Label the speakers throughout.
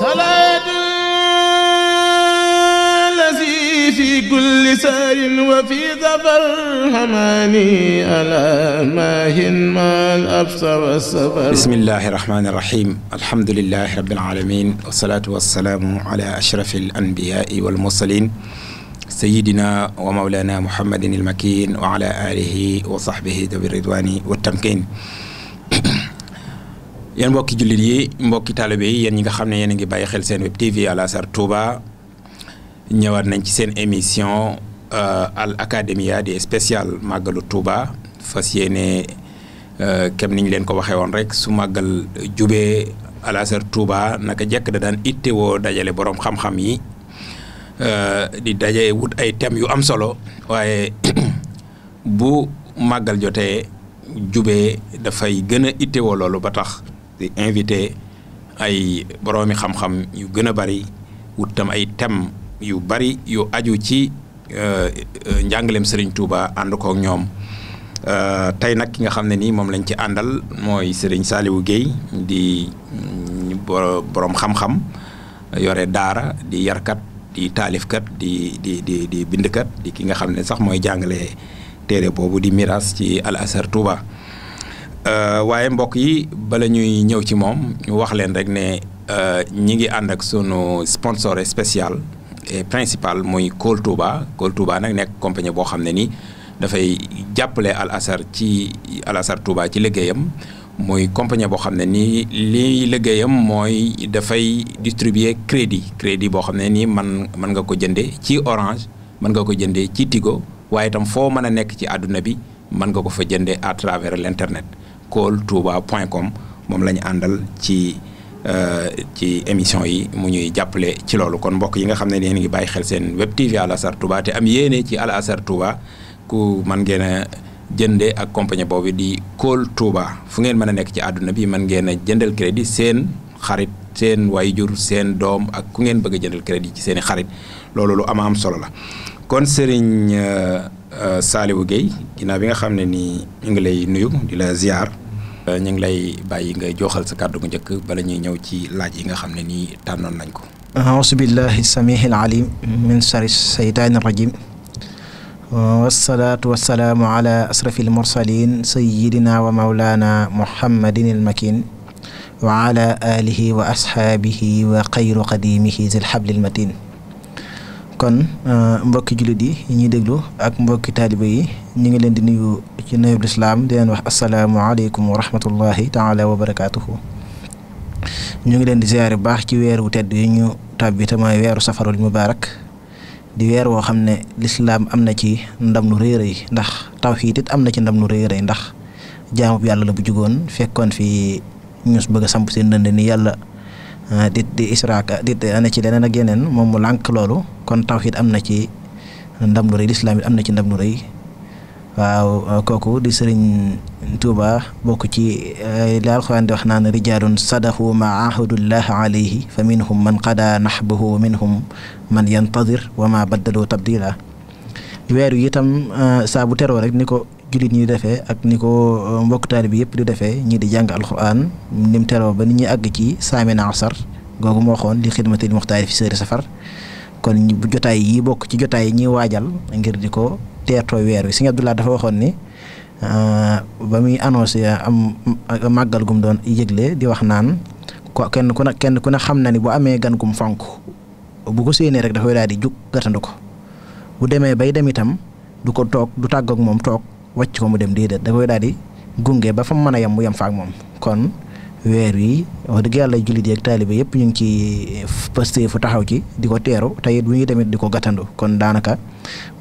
Speaker 1: salaatu
Speaker 2: lazi fi kulli sarin wa fi safar xamaani ala maahin maal absa wa safar bismillahi rahmaani rahim alhamdulilahi rabbil alamin wasalaatu wasalaamu ala ashrafi al anbiyaai wal mursalin sayidina wa mawlana muhammadin al makin wa ala alihi wa sahbihi dawi ridwani wa tamkin yéen mbokki jullit yi mbokki taalibe yi yéen ñi nga xam ne yéen a ngi bàyyi xel seen web TV Al Azhar Touba ñëwaat nañ ci seen émission euh, Al Academia di spécial màggalu Touba fas yéene euh, kem niñ leen ko waxee woon rek su màggal jubee Al Azhar Touba naka jekk da daan ittewoo dajale borom xam-xam yi euh, di daje wut ay thèmes yu am solo waaye bu màggal jotee jubee dafay gën a ittewoo loolu ba tax. di invité ay boroomi xam-xam yu gën a bari wut tam ay thèmes yu bari yu aju ci euh, euh, njàngaleem sëriñ Touba ànd kook ñoom euh, tey nag ki nga xam ne nii moom lañ ci àndal mooy Serigne wu géey di mm, boroom xam-xam yore daara di yarkat di taalifkat di di di di bindkat di ki nga xam ne sax mooy jàngale téere boobu di Miras ci Al Azhar Euh, waaye mbokk yi bala ñuy ñëw ci moom ñu wax leen rek ne euh, ñi ngi ànd ak sunu sponsor spécial et principal muy Kool Touba Kool Touba nag nekk compagnie boo xam ne nii dafay jàppale Al Azhar ci Al Azhar Touba ci liggéeyam muy compagnie boo xam ne nii lii liggéeyam mooy dafay distribuer crédit crédit boo xam ne nii man mën nga ko jëndee ci Orange mën nga ko jëndee ci Tigo waaye itam foo mën a nekk ci àdduna bi. mën nga ko fa jëndee à travers l' internet kool touba point com moom la ñu àndal ci euh, ci émission yi mu ñuy jàppale ci loolu kon mbokk yi nga xam ne yéen ngi bàyyi xel seen web TV Al Azhar Touba te am yéene ci Al Azhar Touba ku man ngeen a jëndee ak compagnie boobu di kool touba fu ngeen mën a nekk ci àdduna bi man ngeen a jëndal crédit seen xarit seen wayjur seen doom ak ku ngeen bëgg a jëndal crédit ci seen i xarit loolu lu am am solo la kon sëriñ Euh, Saliou Guèye ginnaaw bi nga xam ne nii ñu ngi lay nuyu di la euh, ñu ngi lay bàyyi nga joxal sa kàddu njëkk bala ñuy ñëw ci laaj yi nga xam ne nii tànnoon nañ ko.
Speaker 1: auzu billahi samiihil aliim min sharri saytaani rajiim wasalaatu wasalaamu ala asrafil mursaliin sayyidina wa mawlaana muhammadin almakin wa ala alihi wa ashaabihi wa kon euh, mbokki jullit yi ñuy déglu ak mbokki taaliba yi ñu ngi leen di nuyu ci nuyub lislaam di leen wax asalaamaaleykum wa rahmatullahi taala wa barakaatuhu ñu ngi leen di ziare bu baax ci weer wu tedd yi ñu tàbbi te mooy weeru safarul mubaarak di weer woo xam ne lislaam am na ci ndam lu rëy yi ndax taw tawxiid it am na ci ndam lu rëy rëy ndax jaamub yàlla la bu jógoon fekkoon fii ñu bëgg samp seen dënd ni yàlla. Ah, di di israak di ne ci leneen ak yeneen moom mu lànk loolu kon tawxiid am na ci ndam lu rëy lislaam am na ci ndam lu rëy kooku di sëriñ Tuuba bokk ci eh, li alxuraan wax naan rijalun sadaqu ma ahadullah alayhi fa minhum man qada nahbahu wa minhum man yantadir wa ma baddalu tabdila weeru itam eh, saa bu teroo jullit ñi di defee ak ni ko euh, mbokk taalibe bi yëpp di defee ñii di jàng alxuraan ni mu teroo ba ni ñuy àgg ci saamina asar googu waxoon xoon li xidmatil muxtaari fi sëri safar kon bu jotaay yi bokk ci jotaay yi ñuy waajal ngir di ko teertoo weer wi sëñ Abdoulaye dafa waxoon ni euh, ba muy annoncé am màggal gum doon yëgle di wax naan ko kenn ku ne kenn ku ne xam na ni bu amee gan gum fonk bu ko séenee rek dafay daal di jug gàttandu ko bu demee bay dem itam du ko toog du tàggook moom wacc ko mu dem déedéet da koy daal di gunge ba fa mu mën a yem mu yem fa ak moom kon weer wi wax dëgg yàlla jullit yi ak taalibe yëpp ñu ngi ci posté fu taxaw ci di ko teeru te it bu ñuy tamit di ko gàttandu kon daanaka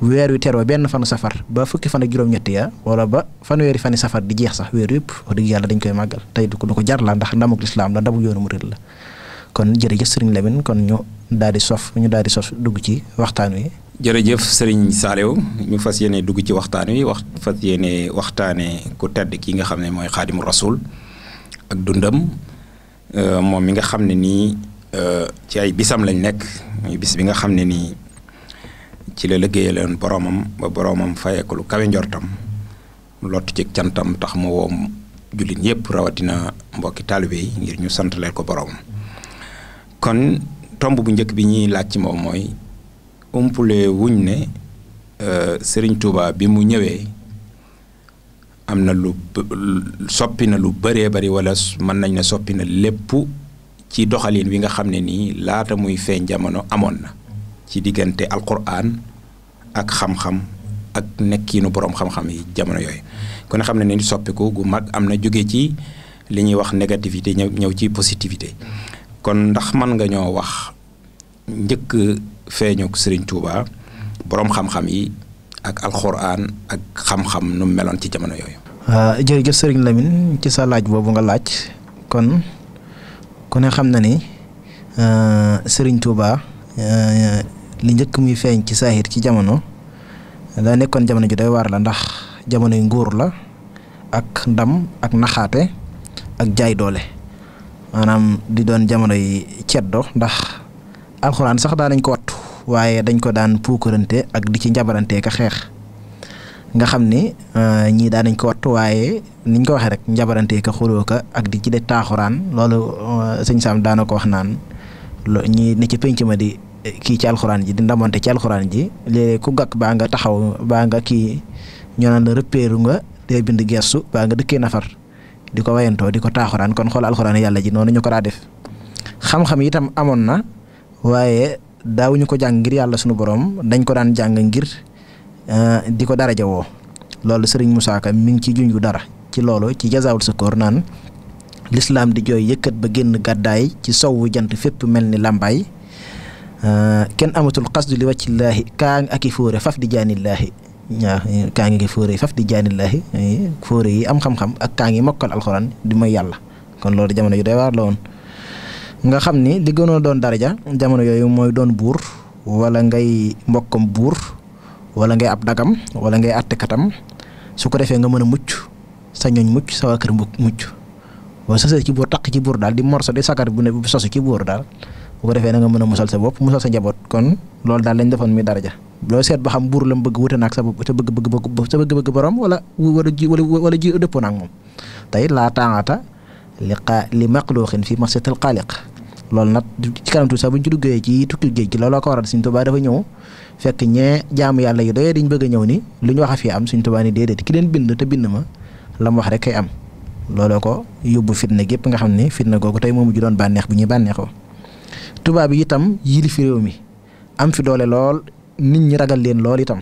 Speaker 1: weer wi teeroo benn fan safar ba fukki fan ak juróom-ñetti ya wala ba fanweeri fani safar di jeex sax weer yëpp wax dëgg yàlla dañ koy màggal tey du ko du ko jar la ndax ndamuk lislaam la ndamu yoonu murid la kon jërëjëf Sëriñ Lamine kon ñu daal di sof ñu daal di sof dugg ci waxtaan wi.
Speaker 2: jërëjëf sëriñ saalew ñu fas yéene dugg ci waxtaan wi wax fas yéene waxtaanee ku tedd ki nga xam ne mooy xaadimu rasul ak dundam euh, moom mi nga xam ne nii euh, ci ay bisam lañ nekk muy bis bi nga xam ne nii ci la liggéeyaloon boromam ba boromam fayeeku lu kawe njortam lott ci cantam tax mu woom jullit yëpp rawatina mbokki taalibe ngir ñu sant leen ko boromam kon tomb bu njëkk bi ñuy laaj ci moom mooy. umpule wuñ ne euh, sëriñ Touba bi mu ñëwee am na lu soppi na lu bëree bari wala mën nañ ne soppi na lépp ci doxalin wi nga xam ne nii laata muy feeñ jamono amoon na ci diggante alquran ak xam-xam ak nekkiinu boroom xam-xam yi jamono yooyu kon xam ne ni soppiku gu mag am na jóge ci li ñuy wax négativité ñëw ñëw ci positivité kon ndax mën nga ñoo wax njëkk feeñuk Serigne Touba borom xam-xam yi ak alxuraan ak xam-xam nu meloon ci jamono yooyu.
Speaker 1: waaw ah, jër Serigne Lamine ci sa laaj boobu nga laaj kon ku ne xam na ni ah, Serigne Touba ah, li njëkk muy feeñ ci saahir ci jamono daa nekkoon jamono ju day waar la ndax jamono yu nguur la ak ndam ak naxaate ak jaay doole maanaam di doon jamono yi ceddo ndax alxuraan sax daa ko wattu waaye dañ ko daan puukarante ak di ci njabarante ka xeex nga xam ne euh, ñii daan nañ ko wattu waaye niñ ko waxee rek njabarante ka xuloo ka ak di ci de taaxuraan loolu euh, sëñ Sam daana ko wax naan lo ñii ne ci penc ma di eh, kii ci alxuraan ji di ndamonte ci alxuraan ji léeg ku gàkk baa nga taxaw baa nga ki ñoo naan rëppeeru nga dee bind gestu baa nga dëkkee nafar di ko wayantoo di ko taaxuraan kon xool alxuraan yàlla ji noonu ñu ko daa def xam-xam itam amoon daawuñu ko jàng ngir yàlla sunu boroom dañ ko daan jàng ngir eh, di ko dara woo loolu sëriñ musaaka Ka mi ngi ci junju dara ci loolu ci jazaawul sukoor naan lislaam di jooy yëkkat ba génn gàddaay ci sowwu jant fépp mel ni làmbaay eh, kenn amatul xasdu li wàccillaahi kaa ngi ak i fóore faf di jaanillaahi waaw kaa ngi fóore di jaanillaahi eh, fóore yi am xam-xam ak kaa ngi mokkal alxuraan di mooy yàlla kon loolu jamono yu doy waar la woon nga xam ni di gënoon doon daraja jamono yooyu mooy doon buur wala ngay mbokkam buur wala ngay ab dagam wala ngay attekatam su ko defee nga mën a mucc sa ñooñ mucc sa waa kër mucc boo sosee ci buur taq ci buur daal di morso di sagar bu ne bu sosu ci buur daal bu ko defee na nga mën a musal sa bopp musal sa njaboot kon loolu daal lañ defoon muy daraja loo seet ba xam buur la mu bëgg wute naag sa bëgg-bëgg sa bëgg-bëgg borom wala wala ji wala ji dëppoo naag moom tey laa taaŋaata li xaa li maqluuqin fi masyatil xaaliq loolu nag ci kanam tuuti sax bu ñu ci duggee ci tukki géej gi looloo ko waral Sëriñ Tuubaa dafa ñëw fekk ñee jaamu yàlla yi doyee dañ bëgg a ñëw ni lu ñu wax a fi am Sëriñ Tuubaa ni déedéet ki leen bind te bind ma la mu wax rek kay am looloo ko yóbbu fitna gépp nga xam ne fitna googu tey moo mujj doon bànneex bu ñuy bànneexoo tubaab yi itam yilif réew mi am fi doole lool nit ñi ragal leen lool itam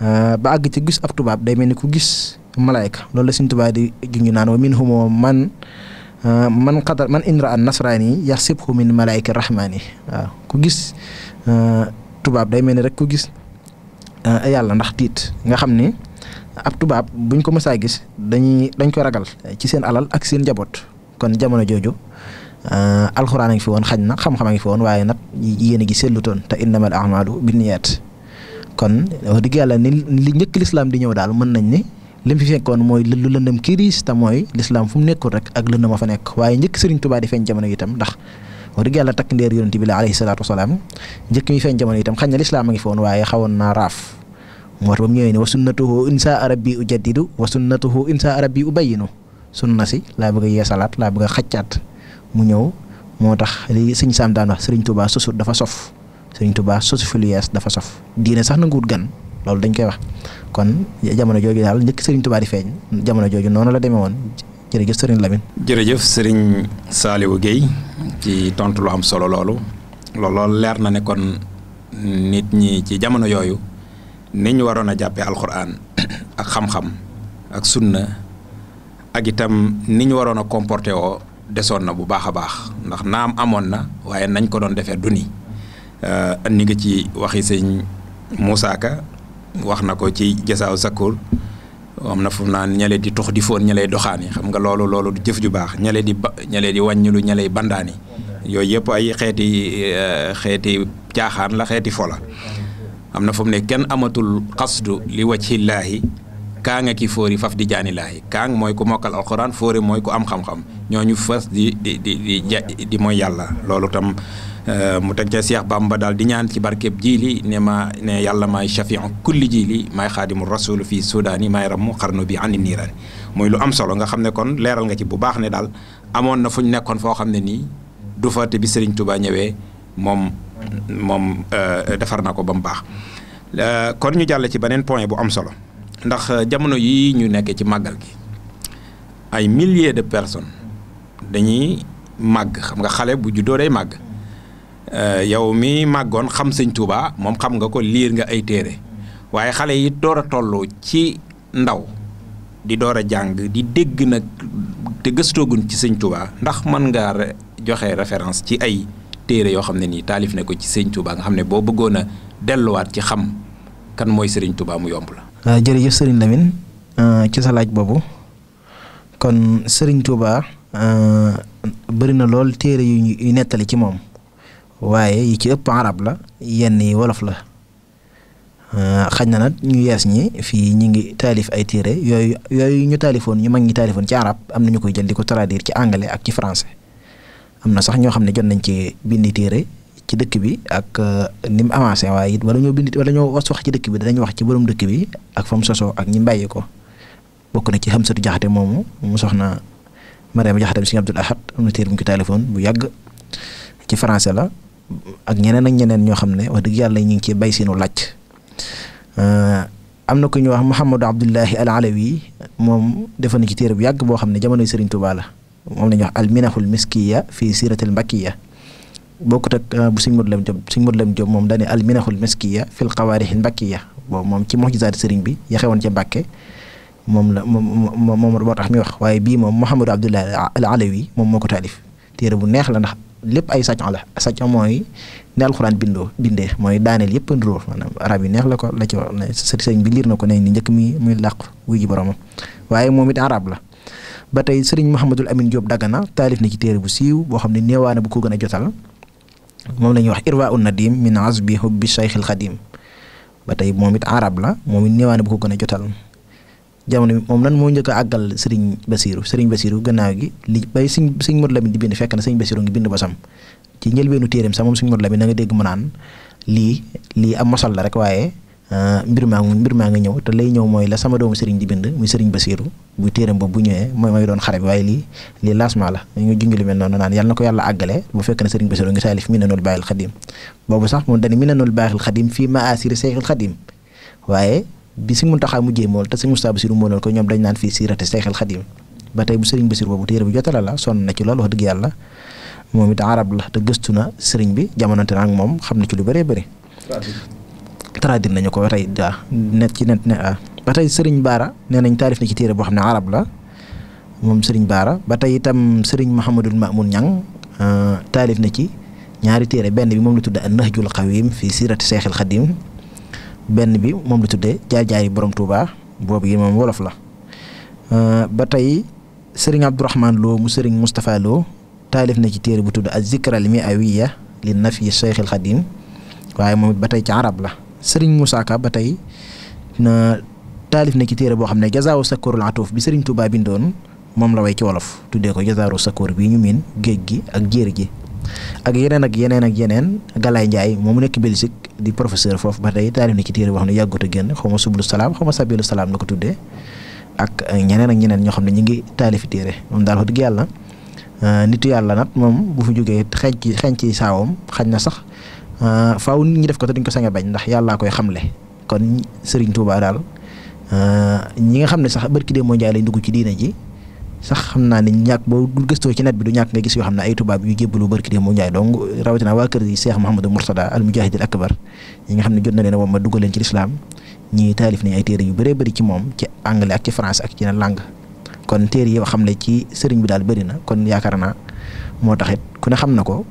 Speaker 1: ah, ba àgg ci gis ab tubaab day mel ni ku gis malaayka loolu la Sëriñ Tuubaa di junj naan wa minhum man Euh, man qadar man indra an nasraani yaxsibhu min malaayika rahmaani waaw ku gis euh, tubaab day mel ni rek ku gis euh, yàlla ndax tiit nga xam ni ab tubaab buñ ko mësaa gis dañuy dañ ko ragal ci seen alal ak seen njaboot kon jamono jooju alxuraan ngi fi woon xañ na xam-xam a ngi fi woon waaye nag yéen a lu toon te innamal a'maalu binniyaat kon wax yàlla ni li njëkk lislaam di ñëw daal mën nañ ni li mu fi fekkoon mooy lu lëndëm kiris te mooy lislaam fu mu nekkul rek ak lëndëm a fa nekk waaye njëkk sëriñ Tuubaa di feeñ jamono itam ndax wax dëgg yàlla takk ndeer yonent bi la alayhi salaatu wasalaam njëkk mi feeñ jamono itam xañ na lislaam a ngi foon waaye xawoon naa raaf moo tax ba mu ñëwee ne wa sunnatuhu insa arabi ujaddidu wa sunnatuhu insa arabi ubayinu sunna si laa bëgg yeesalaat laa bëgg a xaccaat mu ñëw moo tax li sëñ Saam daan wax sëriñ Tuubaa sosut dafa sof sëriñ Tuubaa sosu fi lu yees dafa sof diine sax nanguwut gan loolu dañ koy wax kon jamono jooju daal njëkk sëriñ Tuubaa di feeñ jamono jooju noonu la demee woon jërëjëf sëriñ Lamine.
Speaker 2: jërëjëf sëriñ Saliou Guèye ci tontu lu am solo loolu loolu leer na ne kon nit ñi ci jamono yooyu ni ñu waroon a jàppee alxuraan ak xam-xam ak sunna ak itam ni ñu waroon a comporté woo desoon na bu baax a baax ndax naam amoon na waaye nañ ko doon defee du nii euh, andi nga ci waxi sëñ Moussa Ka wax na ko ci jasaaw sakkur am na fu naan ñale di tox di foon ñalay doxaan yi xam nga loolu loolu du jëf ju baax ñale di ba ñale di wàññilu ñalay bandaani yooyu yëpp ay xeeti eh, xeeti caaxaan la xeeti fola am na fu mu ne kenn amatul xasdu li wajhillaahi kaa nga ki fóori faf di jaanilaahi kaang mooy ku mokkal alxuraan fóori mooy ku am xam-xam ñooñu fas di di di di di mooy yàlla loolu tam Euh, mu teg ca Seex ba daal di ñaan ci barkeb jiili ne ma ne yàlla maay chafion kulli jiili maay xaadimu rasul fii sudaani maay ramu xarnu bi ani niiraani muy lu am solo nga xam ne kon leeral nga ci bu baax ne daal amoon na fu ñu nekkoon foo xam ne nii du fa te bi Serigne Touba ñëwee moom moom euh, defar na ko ba mu baax. Euh, kon ñu jàll ci beneen point bu am solo ndax jamono yii ñu nekkee ci màggal gi ay milliers de personnes dañuy màgg xam nga xale bu juddoo màgg. Euh, yow mi màggoon xam sëñ Touba moom xam nga ko liir nga ay téere waaye xale yi door a toll ci ndaw di door a jàng di dégg nag te gëstoogun ci sëñ Touba ndax mën nga joxe référence ci ay téere yoo xam ne nii taalif ne ko ci sëñ Touba nga xam ne boo bëggoon a delluwaat ci xam kan mooy sëriñ Touba mu yomb la.
Speaker 1: Euh, jërëjëf sëriñ Lamine euh, ci sa laaj boobu kon sëriñ Touba bëri na lool téere yu nettali ci moom. waaye yi ci ëpp arab la yenn yi wolof la euh, xaj na nag ñu yees ñi fii ñu ngi taalif ay téere yooyu yooyu ñu taalifoon ñu mag ñi taalifoon ci arab am na ñu koy jël di ko traduire ci anglais ak ci français am na sax ñoo xam ne jot nañ ci bindi téere ci dëkk bi ak euh, ni mu avancé waaye it wala ñoo bind wala ñoo was ci dëkk bi danañ wax ci borom dëkk bi ak fa mu sosoo ak ñi bàyyi ko bokk na ci xamsatu jaxate moomu mu soxna Mariama jaxate bi si Abdul Ahad am na téere bu ko taalifoon bu yàgg ci français la ak ñeneen ak ñeneen ñoo xam ne wax dëgg yàlla ñu ngi ci bay seenu laaj am na ku ñu wax Mouhamadou Abdullahi al Alawi moom defa ci téere bu yàgg boo xam ne jamonoy Serigne Touba la moom la ñuy wax al minahul miskiya fii siratil mbakkiya bokkut bu Serigne Modou Lam Diop Serigne Modou Lam Diop moom daane al minahul miskiya fil qawaarixil mbakkiya moom ci mujizaati sëriñ bi ya xewoon ca Mbàkke moom la moom moom moo tax mi wax waaye bii moom Mouhamadou Abdullahi al Alawi moom moo ko taalif téere bu neex la ndax. lépp ay sàcc la sàcc mooy ne alxuraan bindoo bindee mooy daaneel yëpp nduroo maanaam yi neex la ko la ci wax sëriñ bi liir na ko ne ni njëkk mi muy làq wuy ji boromam waaye moom it arab la ba tey sëriñ Mouhamadul Amin Diop Dagana taalif na ci téere bu siiw boo xam ne neewaane bu ko gën a jotal moom la ñuy wax irwa un nadim min azbi hubbi cheikhil xadim ba tey moom it arab la moom it neewaane bu ko gën a jotal jamono bi moom nan moo njëkk a àggal sëriñ Basiiru sëriñ Basiiru gannaaw gi li bay sëñ sëñ Modou Lamine di bind fekk na sëñ Basiiru ngi bind bosam ci njëlbeenu téeréem sax moom sëñ Modou Lamine la rek euh, maa ngi mbir maa lay ñëw mooy la sama doomu di bind muy sëriñ Basiiru bu téeréem boobu bu ñëwee mooy mooy doon xare bi waaye lii lii lancement la na ko yàlla àggale bu fekk na sëriñ Basiiru ngi taalif sax moom dañu Minanul Baaxil Xadim fii maasiri Seyxil Xadim waaye bi Sëriñ Muntaxa mujjee mool te Sëriñ Mustafaa Basiru moolal ko ñoom dañ naan fii siirati Seexal Xadiim ba tey bu Sëriñ Basiru boobu téere bi jotala la sonn na ci lool wax dëgg yàlla moom it arab la te gëstu na sëriñ bi jamonante na ak moom xam na ci lu bëree bëri traduire nañu ko ba tey ah, ci net ne ah ba tey sëriñ baara nee nañ taarif na ci téere boo xam ne arab la moom sëriñ baara ba tey itam sëriñ mahamadul mamoun ñang ah, taalif na ci ñaari téere benn bi moom la tudd an nahjul qawim fii sirati seexil xadim benn bi moom la tuddee jaay-jaay borom Touba boobu yi moom wolof la euh, ba tey sëriñ Abdourahman Lo mu sëriñ Moustapha Lo taalif na ci téere bu tudd ak zikral mi awiya li naf yi Cheikhil Xadim waaye moom ba tey ci arab la sëriñ Moussa ba tey na taalif na ci téere boo xam ne jazaawu sakkoorul bi sëriñ Touba bindoon moom la way ci wolof tuddee ko jazaaru sakkoor bi ñu miin géej gi ak jéer gi ak yeneen ak yeneen ak yeneen Galaye Ndiaye moom mu nekk Belgique di professeur foofu ba tey taalif na ci téere wax ne yàggut a génn xaw ma sublu salaam xaw ma sabilu salaam na ko tuddee ak eh, ñeneen ak ñeneen ñoo xam ne ñu ngi taalifi téere moom daal wax yàlla eh, nitu yàlla nag moom bu fi jógee xeeñ ci xeeñ ci saawam xañ na sax eh, faw nit ñi def ko te duñ ko sañ bañ ndax yàllaa koy xamle kon sëriñ Touba daal ñi nga xam ne sax barki démb mooy jaay lañ dugg ci diina ji. sax xam naa ne ñàkk boo gëstoo ci net bi du ñàkk nga gis yoo xam ne ay tubaab yu jébbalu barki dem mu njaay donc rawatina waa kër yi Cheikh Mouhamadou Mourtada al mujahid al akbar yi nga xam ne jot na leen wom ma dugal leen ci lislaam ñi taalif nañ ay téere yu bëree bëri ci moom ci anglais ak ci français ak ci na langue kon téer yi xam ne ci sëriñ bi daal bëri na kon yaakaar naa moo taxit ku ne xam na ko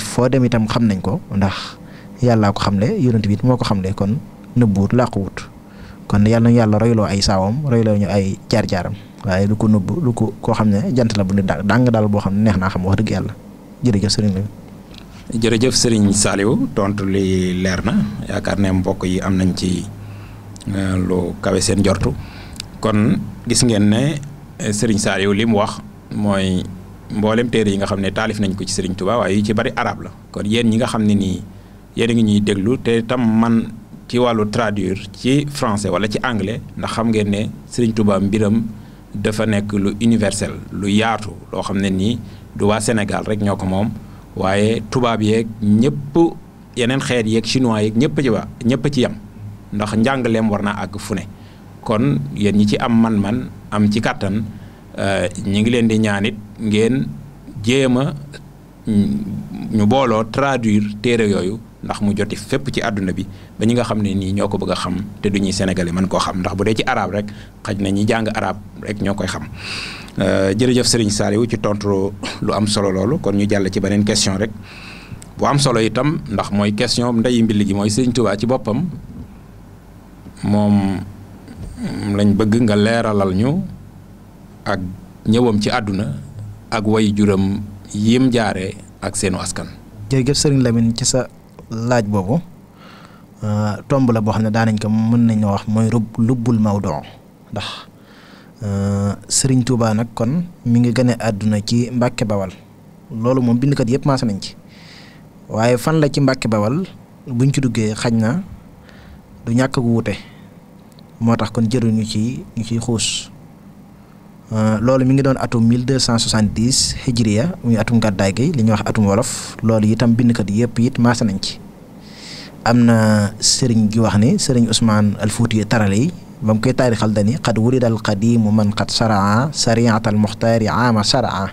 Speaker 1: foo dem itam xam nañ ko ndax yàlla ko xam xamle yonent bi it moo ko xamle kon nëbbuwut làquwut kon yàlla na yàlla royloo ay saawam royloo ñu ay jaar-jaaram waaye lu ko nëbb lu ko koo xam ne jant la bu ni dàng daal boo xam ne neex naa xam wax dëgg yàlla jërëjëf sëriñ la
Speaker 2: jërëjëf sëriñ Saliou tontu li leer na yaakaar ne mbokk yi am nañ ci euh, lu kawe seen jortu kon gis ngeen ne euh, sëriñ Saliou li mu wax mooy mboolem téere yi nga xam ne taalif nañ ko ci sëriñ tubaa waaye yu ci bari arab la kon yéen ñi nga xam ne nii yéen a ngi ñuy déglu te tam man ci wàllu traduire ci français wala ci anglais ndax xam ngeen ne sëriñ Touba mbiram. dafa nekk lu universel lu yaatu loo xam ne nii du waa Sénégal rek ñoo ko moom waaye tubaab yeeg ñëpp yeneen xeet yeeg chinois yeeg ñëpp ci wa ñëpp ci yam ndax njàngaleem war naa àgg fu ne kon yéen ñi ci am man-man am ci kàttan euh, ñi ngi leen di ñaanit ngeen jéem a mm, ñu booloo traduire téere yooyu ndax mu joti fépp ci àdduna bi ba ñi nga xam ne nii ñoo ko bëgg a xam te du ñuy sénégalais mën koo xam ndax bu dee ci arab rek xaj na ñi jàng araab rek ñoo koy xam euh, jërëjëf Serigne Saliou ci tontu lu am solo loolu kon ñu jàll ci beneen question rek bu am solo itam ndax mooy question ndeyu mbill gi mooy Serigne Touba ci boppam moom lañ bëgg nga leeralal ñu ak ñëwam ci àdduna ak way juram yim jaare ak seenu askan.
Speaker 1: laaj boobu euh, tomb la boo xam ne daanañ ko mën nañoo wax mooy rub lubbul mawdoo ndax euh, sëriñ tuubaa nag kon mu ngi gën àdduna ci Mbàkke Bawal loolu moom bindkat yëpp maasa nañ ci waaye fan la ci Mbàkke Bawal buñ ci duggee xaj na du ñàkk a wuute moo tax kon jëruñu ci ñu ciy xuus Euh, loolu mi ngi doon atum 1270 hijriya muy atum gàddaay gi li ñuy wax atum wolof loolu itam bindkat yëpp it maase nañ ci am na sëriñ gi wax ni sëriñ Ousmane Alfouti Tarale yi ba mu koy taarixal dani xad wurida al qadimu man qad saraa sariata al muxtaari aama saraa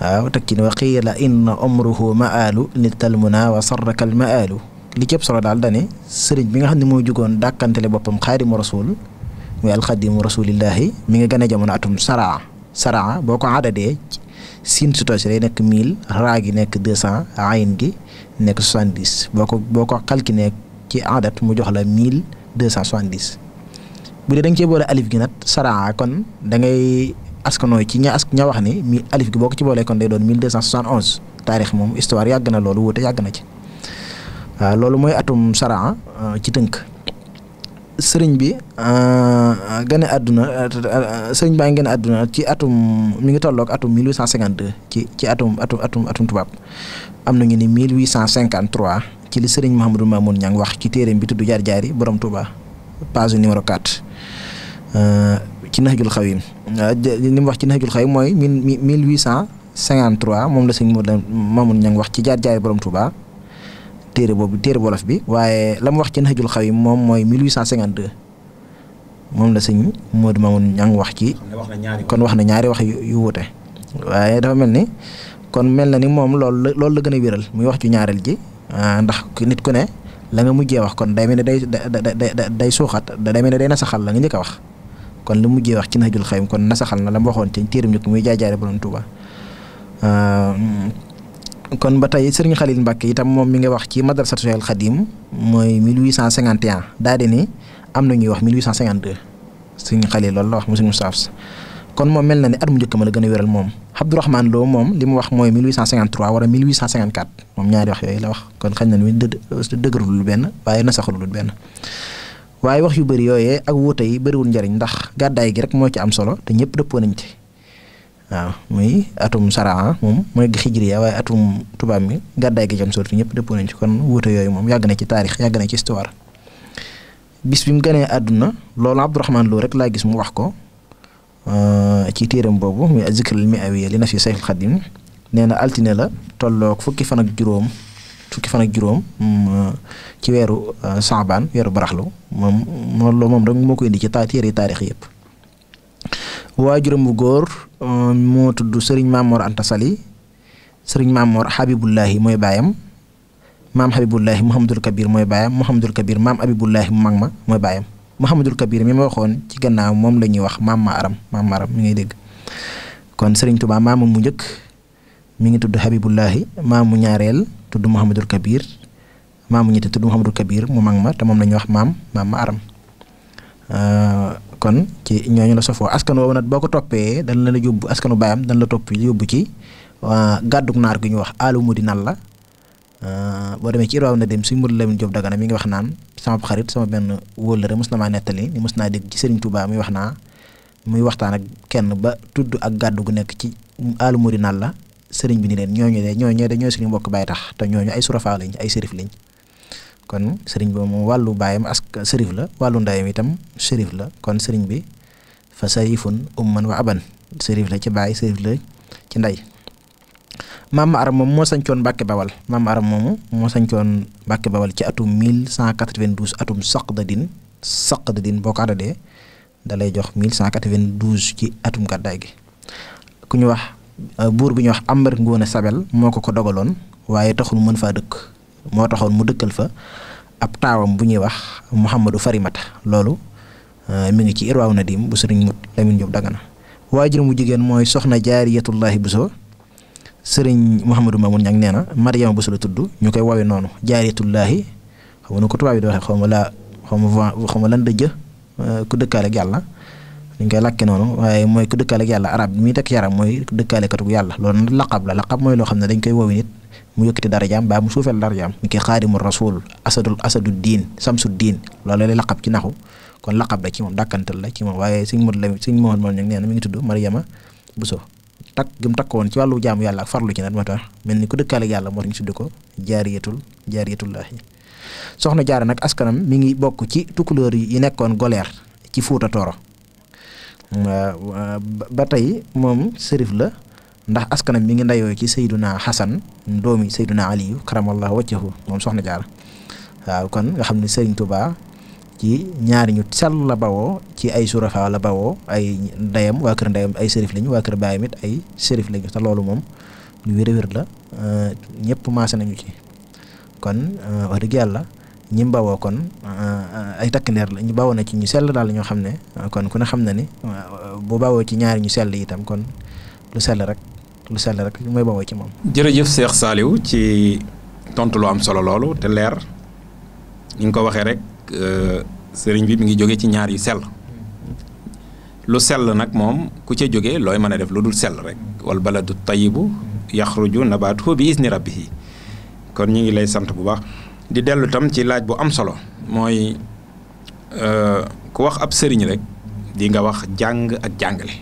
Speaker 1: waaw teg ci ne wa qiila inna umruhu maalu litalmuna wa sarraka al maalu li cëpp solo daal dani sëriñ bi nga xam ne moo jugoon dàkkantele boppam xaadimu rasul muy alxadimu rasulillahi mi ngi gën a jamono atum saraa saraa boo ko adadee siin su toos day nekk mille raa gi nekk deux cent gi nekk soixante dix boo ko boo ko calculé ci adat mu jox la mille deux cent soixante dix bu dee da nga cee boole alif gi nag saraa kon da ngay askanoo ci ña as ña wax ni mi alif gi boo ko ci boolee kon day doon mille deux cent soixante onze taarix moom histoire yàgg na loolu wuute yàgg na ci waaw loolu mooy atum saraa euh, ci tënk. sëriñ bi euh, gane àdduna euh, sëriñ baa ngi gane àdduna ci atum mu ngi tolloog atum 1852 ci ci atum atum atum atum tubaab am nañu ni 1853 ci li sëriñ Mouhamadou Mamoun Niang wax ci téereem bi tudd jaar jaari borom Touba page numéro 4 euh, ci Nahjul Xawim li mu wax ci Nahjul Xawim mooy 1853 moom la sëriñ Mouhamadou Mamoun Niang wax ci jaar jaari borom Touba. téere boobu téere wolof bi waaye la mu wax ci Nahjul Xadim moom mooy 1852 moom la sëñ moo Modou Mamoun ña ngi wax ci. kon wax na ñaari wax yu yu wuute. waaye dafa mel ni kon mel na ni moom loolu la loolu la gën a wéral muy wax ci ñaareel ji ah, ndax nit ku ne la nga mujjee wax kon day mel ne day day day suuxat day mel ne day nasaxal la nga njëkk a wax kon lu mujjee wax ci Nahjul Xadim kon nasaxal na la mu waxoon ci téeram njëkk muy jaay jaare borom kon ba tey Serigne Khalil Mbacke tam moom mi nga wax ci madrasatul Khadim mooy 1851 daa ni am na ñuy wax 1852 Serigne Khalil loolu la wax monsieur Moustapha kon moom mel na ne at mu njëkk ma la gën a wéral moom Abdourahmane Lo moom li mu wax mooy 1853 wala 1854 moom ñaari wax yooyu la wax kon xañ na ni dë dëgërulul benn waaye nasaxulul benn waaye wax yu bëri yooyee ak wuute yi bëriwul njariñ ndax gàddaay gi rek moo ci am solo te ñëpp dëppoo nañ ci. waaw muy atum saraa moom mooy xijriya waaye atum tubaab mi gàddaay gi jëm surtout ñëpp dëppoo nañ ci kon wuute yooyu moom yàgg na ci taarix yàgg na ci histoire bis bi mu gënee àdduna loolu Abdourahman Lo rek laa gis mu wax ko euh, ci téeram boobu muy zikril mi'awiyya li nafi Sayxul Xadim nee na altine la tolloog fukki fan ak juróom fukki fan ak juróom mm, ci weeru euh, Saabaan weeru baraxlu moom moom loolu moom rek moo ko indi ci taa téere taarix yëpp. waajuram bu góor um, moo tudd sëriñ Mamor Anta Sali sëriñ Mamor Habibullahi mooy baayam maam Habibullahi Mouhamadul Kabir mooy baayam Mouhamadul Kabir maam Habibullahi mu mag ma mooy baayam Mouhamadul Kabir mi ma waxoon ci gannaaw moom la ñuy wax maam ma aram maam ma aram mi ngay dégg kon sëriñ Tuubaa maamam mu njëkk mi ngi tudd Habibullahi maamu ñaareel tudd Mouhamadul Kabir maamu ñetti tudd Mouhamadul Kabir mu mag ma te moom la ñuy wax maam maam ma aram Euh, kon ci ñooñu la safoo askan woowu nag boo ko toppee dañ la yóbbu askanu baayam dañ la topp yóbbu ci gàddug naar gi ñu wax aalu mu di nan la euh, boo demee ci irwaaw na dem suñ Modou Lamine Diop Dagana mi ngi wax naan sama xarit benn wóllëre mos na maa nettali ni naa dégg ci Serigne Touba muy wax naa muy waxtaan ak kenn ba tudd ak gàddu gu nekk ci aalu mu la sëriñ bi ni leen ñooñu de ñooñu de ñooy suñu mbokk bay tax te ñooñu ay surafaa lañ ay sërif lañ kon sëriñ bi moom wàllu baayam ask sërif la wàllu ndayam itam sërif la kon sëriñ bi fa sarifun umman wa aban sërif la ci baay sërif la ci nday maam aram moom moo sañcoon Mbàkke Bawal maam aram moomu moo sañcoon Mbàkke Bawal ci atum 1192 atum saq saqdadin boo ko àddadee dalay jox 1192 ci atum gàddaay gi ku ñu wax euh, buur bi ñu wax Amar Ngoone Sabel moo ko ko dogaloon waaye taxul mën faa dëkk moo taxoon mu dëkkal fa ab taawam bu ñuy wax Mouhamadou Farimata loolu euh, mi ngi ci irwaaw na dim bu sëriñ Mut Lamin Jóob Dagana waajur mu jigéen mooy soxna jaariyatullahi Buso sëriñ Mouhamadou Mamoun Ñang nee na Mariama Buso la tudd ñu koy woowee noonu jaariyatullahi xaw ma nu ko tubaab yi di waxee xaw ma laa xaw ma xaw ma lan dëjë euh, ku dëkkaale ak yàlla dañ koy làkke noonu waaye mooy ku dëkkaale yàlla arab bi muy tekk yaram mooy dëkkaale yàlla loolu nag laqab la laqab mooy loo xam ne dañ koy woowi mu yëkkati darajaam baa mu suufeel darajaam ni ki xaadimu rasul asadul asadul diin samsud diin loolu lay laqab ci naxu kon laqab la ci moom dàkkantal la ci moom waaye sëñ Modou Lamine sëñ Modou Lamine nee na mi ngi tudd Mariama Bousso takk gi mu takk woon ci wàllu jaamu yàlla ak farlu ci nag moo tax mel ni ku dëkkaale yàlla moo tax ñu tudd ko jaariyatul jaariyatullaahi soxna jaara nag askanam mi ngi bokk ci tukulóor yi nekkoon goleer ci Fuuta Tooro ba tey moom sërif la ndax askanam bi ngi ndayoo ci sayduna xasan doomi sayduna aliyu karamallahu wajhahu moom soxna jaara waaw kon nga xam ne sëriñ Tuubaa ci ñaari ñu sell la bawoo ci ay surafa la bawoo ay ndeyam waa kër ndeyam ay sërif lañu waa kër baayam it ay sërif lañu te loolu moom lu wér wér la euh, ñëpp maase nañu ci kon euh, wax dëgg yàlla ñi bawoo kon euh, ay takk ndeer la ñu bawoo na ci ñu sell daal ñoo xam ne kon ku ne xam na ni bu bawoo ci ñaari ñu sell itam kon lu sell rek lu sell rek mooy booboo ci
Speaker 2: moom. jërëjëf Cheikh Saliou ci tontu lu am solo loolu te leer ni nga ko waxee rek euh, sëriñ bi mi ngi jóge ci ñaar yu sell lu sell nag moom ku ca jóge looy mën a def lu dul sell rek wal baladu tayibu yaxruju nabaatuhu bi izni rabbihi kon ñu ngi lay sant bu baax di dellu tam ci laaj bu am solo mooy euh, ku wax ab sëriñ rek di nga wax jàng ak jàngale.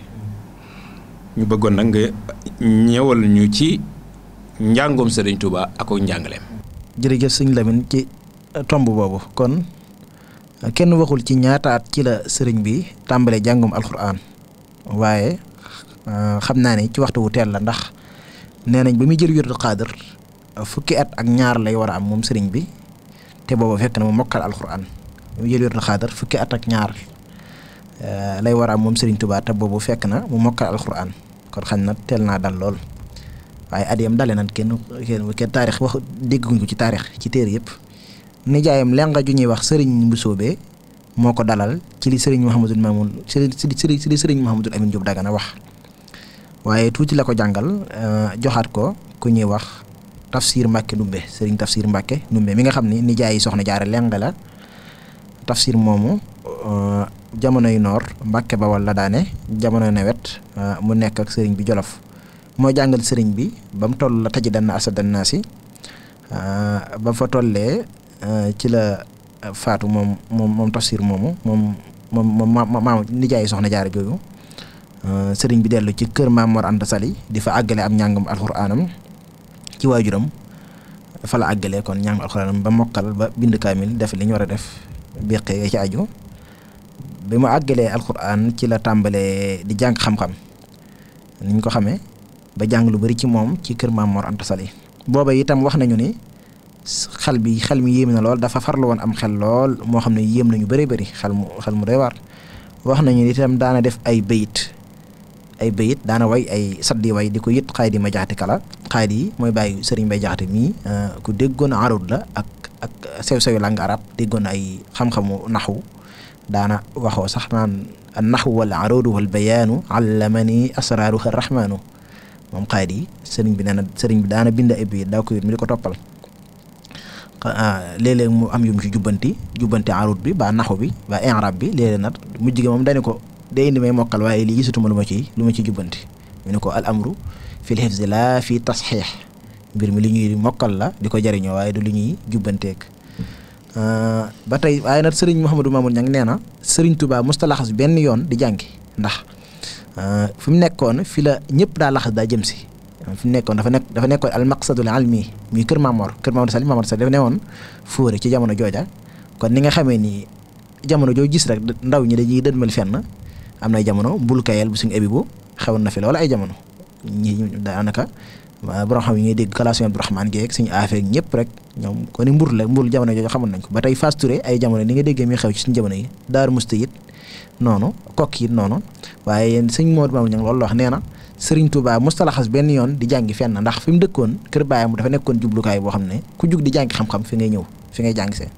Speaker 2: ñu bëggoon nag ñëwal ñu ci njàngoom sëriñ Touba ak njàngaleem.
Speaker 1: jërëjëf sëñ Lamine ci tomb boobu kon kenn waxul ci ñaata ci la sëriñ bi tàmbalee jàngum alxuraan waaye euh, xam naa ni ci waxtu wu teel la ndax nee nañ ba muy jël wirdu xaadar fukki at ak ñaar lay war a am moom sëriñ bi te booba fekk na mu mokkal alxuraan ba muy jël wirdu xaadir fukki at ak ñaar Eh, lay waraam moom Serigne Touba te boobu fekk na mu mokkal alxuraan kon xañ na teel naa dal lool waaye at yam dale na kenn kenn kenn taarix wax dégguñ ko ci taarix ci téere yëpp nijaayam lenga ju ñuy wax Serigne Mbusoobe moo ko dalal ci li Serigne Mouhamadul Mamoun ci li ci li Serigne Mouhamadul Amine Diop Dagana wax waaye tuuti la ko jàngal eh, joxaat ko ku ñuy wax Tafsir Mbacke Ndumbe Serigne Tafsir Mbacke Ndumbe mi nga xam ni nijaay yi soxna jaare lenga la Tafsir moomu. Eh, jamonoy noor Mbàkke Bawol la daane jamonoy nawet ah, mu nekk ak sëriñ bi Jolof mooy jàngal sëriñ bi ba mu toll la taji danna asa danna si ah, ba fa tollee ah, ci la faatu moom moom moom tafsir moomu moom moom moom ma maam nijaay soxna jaara jooju sëriñ bi dellu ci kër Maam Mor Anta Sali di fa àggale am njàngam alxuraanam ci waajuram fa la àggalee kon njàngam alxuraanam ba mokkal ba bind kaamil def liñ ñu war a def beqee ci aju bi mu àggalee alxuraan ci la tàmbalee di jàng xam-xam niñ ko xamee ba jàng lu bari ci moom ci kër maam Mor Anta Sali itam wax nañu ni xel bi xel mi yéem na lool dafa farlu woon am xel lool moo xam ne yéem nañu bari bari xel mu xel mu doy waar wax nañu itam daana def ay bayit ay bayit daana way ay saddi way di ko yët xaay di ma jaxati kala xaay yi mooy bàyyi sëriñ bay jaxati mii eh, ku déggoon a arut la ak ak sew sewi làng arab déggoon ay xam-xamu daana waxoo sax naan an wal aruudu wal bayaanu allamani asraaruha moom xaayit yi sëriñ bi na sëriñ bi daana bind ay biir daa ko mi di ko toppal ah, léeg mu am yum ci jubbanti jubbanti aruud bi ba naxu bi ba inrab bi léeg-léeg nag mujj moom dani ko day indi may mokkal waaye lii gisatuma lu ma ciy lu ciy jubbanti mu ne ko al amru fil hifzi laa fi tasxiix mbir mi li ñuy mokkal la di ko jariño waaye du li ñuy jubbanteeg Euh, ba tey waaye nag sëriñ Mouhamadou Mamoun Niang nee na sëriñ Touba musta laxas benn yoon di jàngi ndax euh, fu mu nekkoon fi la ñëpp daa laxas daa jëm si fi mu nekkoon dafa nekk dafa nekkoon al maqsadul almi muy kër Mamor kër Mamor Sall Mamor Sall dafa newoon fóore ci jamono jooja kon ni nga xamee nii jamono joo gis rek ndaw ñi dañuy dënmal fenn am na jamono mbul kayel bu si ebi bu xewoon na fi loolu ay jamono ñi daanaka borom xam yi ngay dégg classement Abdourahmane Gueye ak suñu affaire ñëpp rek ñoom kon ni mbur la mbur jamono jooju xamoon nañ ko ba tey Fass ay jamono ni nga déggee mi xew ci suñu jamono yi Daaru Musti it noonu kokk it noonu waaye yéen sëñ Modou Mamoun Niang loolu wax nee na Serigne Touba musta laxas benn yoon di jàngi fenn ndax fi mu dëkkoon kër baayam dafa nekkoon jublukaay boo ne ku jug di jàngi xam-xam ngay ñëw fi ngay jàngi see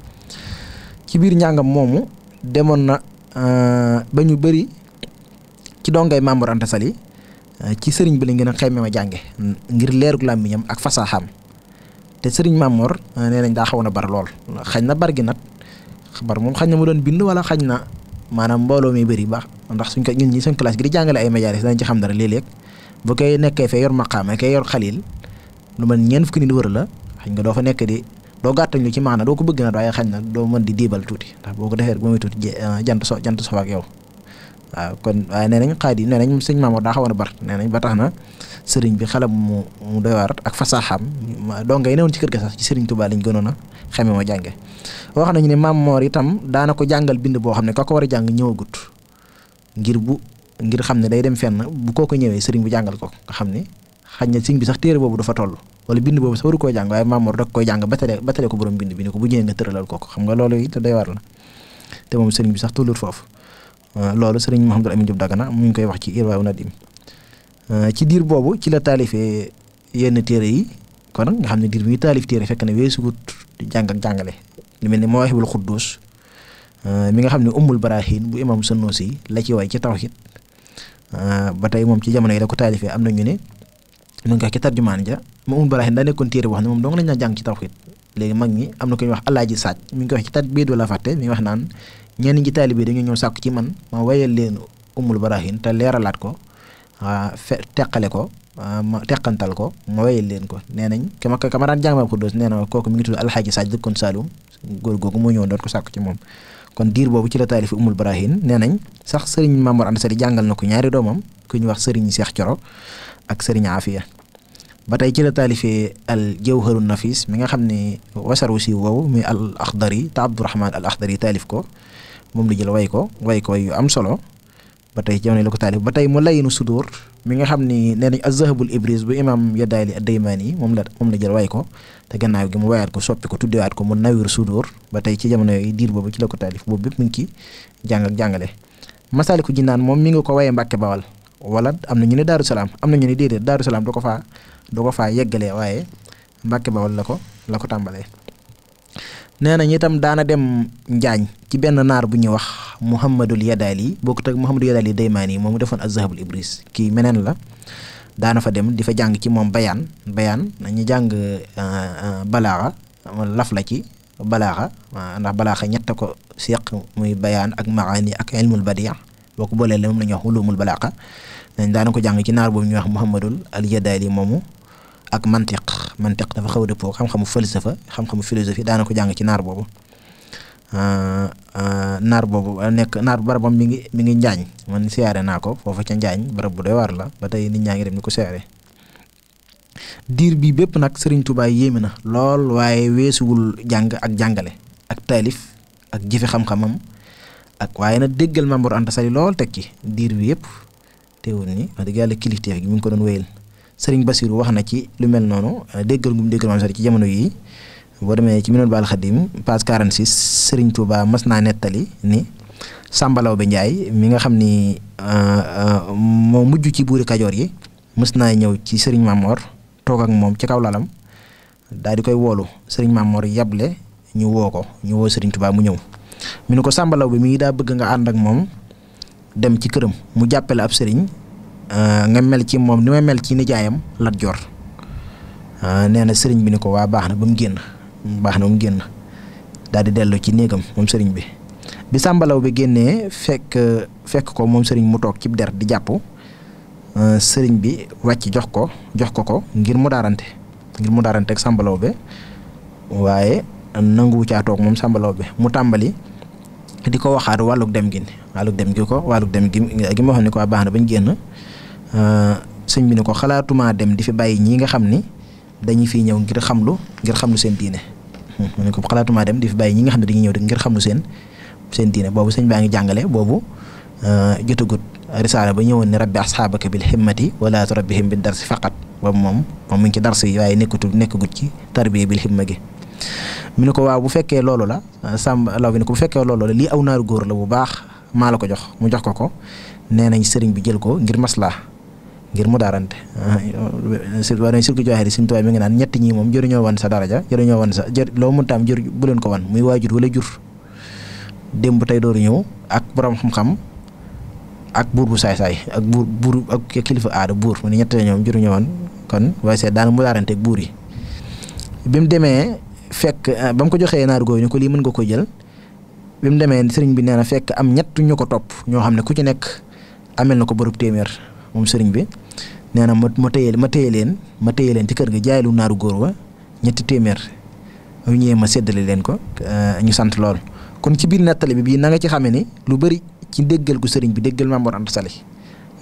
Speaker 1: ci biir njàngam moomu demoon na euh, ba ñu bëri ci dongay Mamour Anta Sali ci sëriñ bi lañ gën a xayma ma jànge ngir leerug làmmiñam ak fasaaxaam te sëriñ Mamor eh, nee nañ daa xawoon a bar lool xañ na bar gi nag bar moom xañ na mu doon bind wala xañ na maanaam mbooloo mi bëri baax ndax suñ ko ñun ñi suñ classe gi di jàngale ay majaalis dañ ci xam dara léeg-léeg bu koy nekkee fee yor maqaama kay yor xalil lu man ñeent fukki nit wër la xañ nga doo fa nekk di doo gàttañ lu ci maana doo ko bëgg na waaye xañ na doo mën di diibal tuuti ndax boo ko defee ba muy tuuti eh, jant so jant so ak yow waaw kon waaye nee nañ xaadi nee nañ sëñ Mamour daa xawoon a bar nee nañ ba tax na sëriñ bi xelam mu mu doy waar ak fasaaxaam donga yi newoon ci kër ga sax ci sëriñ Touba lañ gënoon a xame ma jànge wax nañu ne Mamour itam daana ko jàngal bind boo xam ne ka ko war a jàng ñëwagut ngir bu ngir xam ne day dem fenn bu kooku ñëwee sëriñ bu jàngal ko nga xam ne xaj na sëñ bi sax téere boobu dafa toll wala bind boobu sax waru koo jàng waaye Mamour da koy jàng ba tale ba tale ko borom bind bi ne ko bu ñëwee nga tëralal kooku xam nga loolu it doy waar la te moom sëriñ bi sax tullul foofu Euh, loolu sëriñ Mouhamadou Amine Diop Dagana mu ngi koy wax ci Irwa Nadim euh, ci diir boobu ci la taalifee yenn téere yi kon nga xam ne diir bi ñuy taalif téere fekk na weesugut di jàng jàngale lu mel ni Mawahibul Quddus euh, mi nga xam ne Ummul Barahin bu imam Sanusi la ci way ci taw tawhid ba tey moom ci jamono yi da ko taalifee am na ñu ne mu ngi wax ci tarjumaan ja ma Ummul Barahin daa nekkoon téere boo xam ne moom dong lañ na jàng ci taw tawhid léegi mag ñi am na ko ñuy wax alaaji saaj mu ngi koy wax ci tat biir wala fàtte mi ngi wax naan ñenn ñi taalibe dañu ñëw sàkku ci man ma wayal leen umul barahin te leeralaat ko ah, fe teqale ko ah, ma teqantal ko ma wayal leen ko nee nañ ka ma ka ma daan jàng ko doos nee na kooku mi ngi tudd alxaaji saaj kon Saalum góor googu moo ñëw doon ko sàkku ci moom kon diir boobu ci la taalifi umul barahin nee nañ sax sëriñ Mamoor Anta Sali jàngal na ko ñaari doomam ku ñu wax sëriñ Seex Coro ak sëriñ Afiya ba tey ci la taalifee al jawharu nafis mi nga xam ne wasaru si wow muy al axdari te abdourahman al axdari taalif ko moom la jël way ko way ko yu am solo ba tey la ko taalif ba tey mu layinu sudur mi nga xam ni nee nañ azhabul ibris bu imam moom la moom la jël way ko te gannaaw gi mu ko soppi ko tuddewaat ko mu nawir sudur ba tey ci jamono yooyu diir boobu ci la ko taalif boobu bépp mu ngi ci jàng moom mi ngi ko waye mbàkke bawal wala am na ñu ne daaru salaam am na ñu ne déedéet daaru salaam da ko faa doo ko fa yeggalee waaye Mbàkke Bawol la ko la ko tàmbalee. nee na ñi itam daana dem Njaañ ci benn naar bu ñuy wax Muhammadul Yadaali bokkut ak Muhammadul Yadaali Daymaani moom mu defoon Az-Zahabul Ibris kii meneen la. daana fa dem di fa jàng ci moom bayaan bayaan ñu jàng euh, euh, balaaxa laf la ci balaaxa ndax balaaxa ñett ko seq muy bayaan ak maani ak ilmul badia boo ko boolee moom la ñuy wax ulumul balaaxa dañ daana ko jàng ci naar boobu ñu wax muhammadul al yadaali moomu ak mantiq mantiq dafa xaw a dëppoo xam-xamu falsafa xam-xamu philosophie daana ko jàng ci naar boobu ah, ah, naar boobu ah, nekk naar barabam mi ngi mi ngi njaañ man siyaare naa ko foofa ca njaañ barab bu dee waar la ba tey nit ñaa ngi dem ni ko siyaare diir bi bépp nag sëriñ tubaay yéeme na lool waaye weesuwul jàng ak jàngale ak taalif ak jëfe xam-xamam ak waaye nag déggal Maam Mor Anta lool teg ci diir bi yëpp teewul ni wax dëgg yàlla kilifteef gi mu ngi ko doon wéyal sëriñ Basiru wax na ci lu mel noonu euh, déggal ngum déggal maam sori ci jamono yii boo demee ci minoon ba alxadim page 46 sëriñ Touba mës naa nettali ni sàmbalaw bi Njaay mi nga xam ni euh, euh, moo mujj ci buuri kajoor yi mës naa ñëw ci sëriñ Mamor toog ak moom ci kaw lalam daal di koy woolu sëriñ Mamor yable ñu woo ko ñu woo sëriñ Touba mu ñëw mu ne ko sàmbalaw bi mi ngi daa bëgg nga ànd ak moom dem ci këram mu jàppale ab sëriñ Euh, nga mel ci moom ni ma mel ci nijaayam Lat Joor euh, nee na sëriñ bi ni ko waa baax na ba mu génn hmm, baax na ba mu génn daal di dellu ci néegam moom sëriñ bi bi sàmbalaw bi génnee fekk fekk ko moom sëriñ mu toog ci der di jàpp euh, sëriñ bi wàcc jox ko jox ko ko ngir mu daarante ngir mu daarante ak sàmbalaw bi waaye nanguwu caa toog moom sàmbalaw bi mu tàmbali di ko waxaat wàllug dem gi wàllug dem gi ko wàllug dem gi gi ma xam ne ko waa baax na bañ génn Euh, sëñ bi ne ko xalaatuma dem di fi bàyyi ñii nga xam ni dañu fiy ñëw ngir xamlu ngir xamlu seen diine hmm, mu ne ko xalaatuma dem di fi bàyyi ñi nga xam ne dañuy ñëw ngir xamlu seen seen diine boobu sëñ baa ngi jàngale boobu euh, jotagut risaala ba ñëwoon ne rabbi asxaabaka bil himmati wala turabbihim bi darsi faqat boobu moom moom mu ngi ci dars yi waaye nekkatul nekkagut ci tarbiya bil himma gi mu ne ko waaw bu fekkee loolu la euh, Samba Law bi ne ko bu fekkee loolu la lii aw naaru góor la bu baax maa la ko jox mu jox ko ko nee nañ sëriñ bi jël ko ngir maslaa ngir mu daarante waaye ah, surtout jaaxir suñu tubaab mi ngi naan ñett ñii moom jëruñoo wan sa daraja jëruñoo wan sa jër loo mënta am jër bu leen ko wan muy waajur wala jur démb tey dooru ñëw ak borom xam ak buur bu saay-saay ak buur buur ak kilifa aada buur mu ne ñett ñoom jëruñoo wan kon waaye seet daan mu daarante ak buur yi bi mu demee fekk ah, ba mu ko joxee naar gooyu ñu ko lii mën nga ko jël bi mu demee sëriñ bi nee na fekk am ñett ñu ko topp ñoo xam ne ku ci nekk amel na ko bërëb téeméer moom sëriñ bi nee na ma ma téye ma téye leen ma téye leen ci kër ga jaaylu naaru góor wa ñetti téeméer ñu ma séddale leen ko euh, ñu sant lool. kon ci biir nettali bi bii na nga ci xamee ni lu bari ci déggal gu sëriñ bi déggal Maam Mor Anta Sali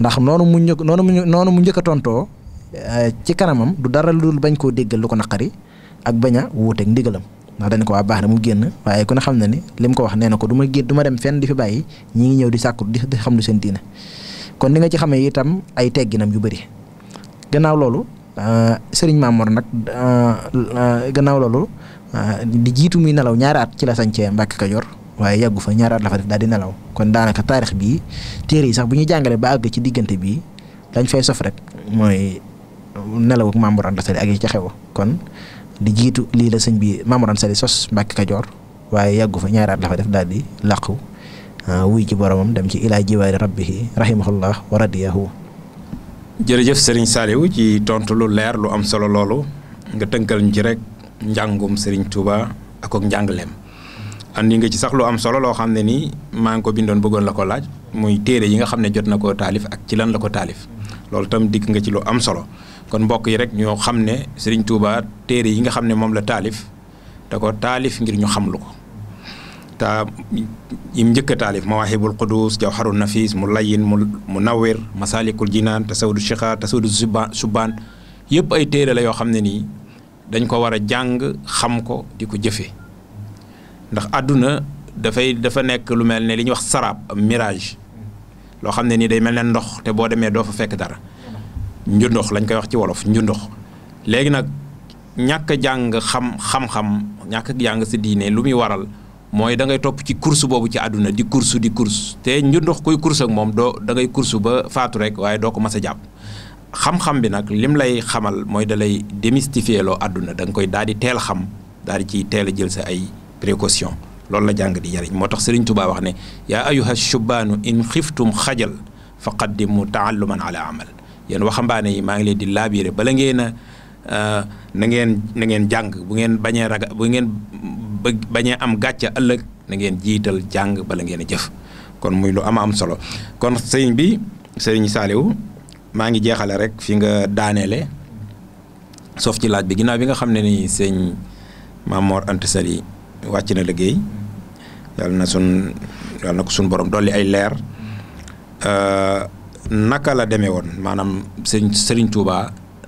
Speaker 1: ndax noonu mu njëkk noonu mu noonu mu njëkk a tontoo euh, ci kanamam du dara lu bañ koo déggal ko naqari ak bañ a wuuteeg ndigalam. ndax dañ ko waa baax na mu génn waaye ku ne xam ne ni li ko wax nee na ko du ma génn duma dem fenn di fi bàyyi ñi ngi ñëw di sàkku di xam lu seen diina kon ni nga ci xamee itam ay tegginam yu bari gannaaw loolu euh, sëriñ Mamor nag euh, euh, gannaaw loolu di jiitu muy nelaw ñaari at ci la sañcee Mbàkke Kajoor waaye yàggu fa ñaari at la fa def daal di nelaw kon daanaka taarix bii téere yi sax bu ñu jàngalee ba ci diggante bii lañ fay sof rek mooy nelaw ak Maam Mor Anta Sali kon di jiitu lii la sëñ bi Maam Mor Anta Sali Kajoor waaye yàggu fa ñaari at def daal di làqu wuy ci boromam dem ci ilaa jiwaari rabbihi rahimahullah wa radiyahu
Speaker 2: jërëjëf Serigne Saliou ci tontu lu leer lu am solo loolu nga tënkal ñu ci rek njàngum Serigne Touba ak ak njàngaleem andi nga ci sax lu am solo loo xam ne nii maa ngi ko bindoon bëggoon la ko laaj muy téere yi nga xam ne jot na ko taalif ak ci lan la ko taalif loolu tam dikk nga ci lu am solo kon mbokk yi rek ñoo xam ne Serigne Touba téere yi nga xam ne moom la taalif te ko taalif ngir ñu xam lu ko. ta yim njëkk a taalif mawaahibul qudus jawharun nafis mu layin mu mu nawir masalikul jinaan tasawudu shikhaar tasawudu subaan subaan yëpp ay téere yoo xam ne nii dañ ko war a jàng xam ko di ko jëfe ndax àdduna dafay dafa nekk lu mel ne li ñuy wax saraab am mirage loo xam ne nii day mel ne ndox te boo demee doo fa fekk dara njundox lañ koy wax ci wolof njundox léegi nag ñàkk jàng xam xam-xam ñàkk jàng si diine lu muy waral mooy da ngay topp ci course boobu ci àdduna di course di course te njundox kuy course moom doo da ngay course ba faatu rek waaye doo ko mas a jàpp xam-xam bi nag lim lay xamal mooy da lay démystifier loo àdduna da nga koy daal di teel xam daal di ciy teel a jël sa ay précaution loolu la jàng di yariñ moo tax Sëriñ Tuubaa wax ne yaa ayuha shubaanu in xiftum xajal fa qaddimu taalluman ala amal yéen waxambaane yi maa ngi leen di laabiire bala ngeen a euh, na ngeen na ngeen jàng bu ngeen bañee ragal bu ngeen ba bañ a am gàcce ëllëg na ngeen jiital jàng bala ngeen a jëf kon muy lu am am solo kon sëriñ bi sëriñ Saliou maa ngi jeexale rek fi nga daaneele soof ci laaj bi ginnaaw bi nga xam ne ni sëñ Maam Mor Anta wàcc na liggéey yàlla na sun yàlla na ko sun borom dolli ay leer euh, naka la demee woon maanaam sëñ sëriñ Touba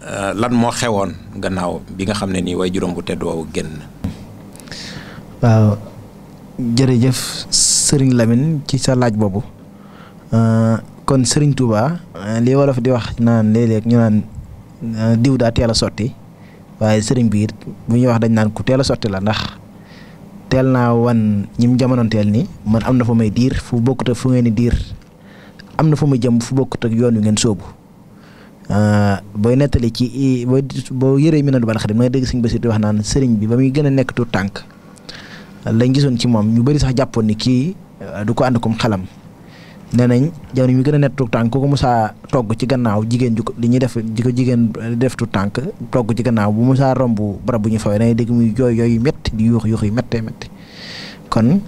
Speaker 2: euh, lan moo xewoon gannaaw bi nga xam ne nii way juróom bu tedd woowu génn
Speaker 1: waaw jërëjëf Serigne Lamine ci sa laaj boobu euh, kon sëriñ Touba euh, li wolof di wax naan léeg-léeg ñu naan euh, diw daa teel sotti waaye sëriñ bi it bu ñuy wax dañ naan ku teel a sotti la ndax teel naa wan ñim jamono teel ni man am na fa may diir fu bokkut fu ngeen di diir am na fa may jëm fu bokkut yoon wi ngeen sóobu booy nettali ci booy boo yëree mi na du bal xarit mooy dégg Serigne Bassirou di wax naan Serigne bi ba muy gën a nekk tànk. lañ gisoon ci moom ñu bëri sax jàppoon ni kii euh, du ko ànd kom xalam nee nañ jamono yi gën a nekk tuut tànk ku ko musaa togg ci gannaaw jigéen ju ko li ñuy def di ko jigéen def tu tànk togg ci gannaaw bu musaa romb barab bu ñu fawee da ngay dégg muy jooy yooyu métti di yuux yuux yu méttee métti kon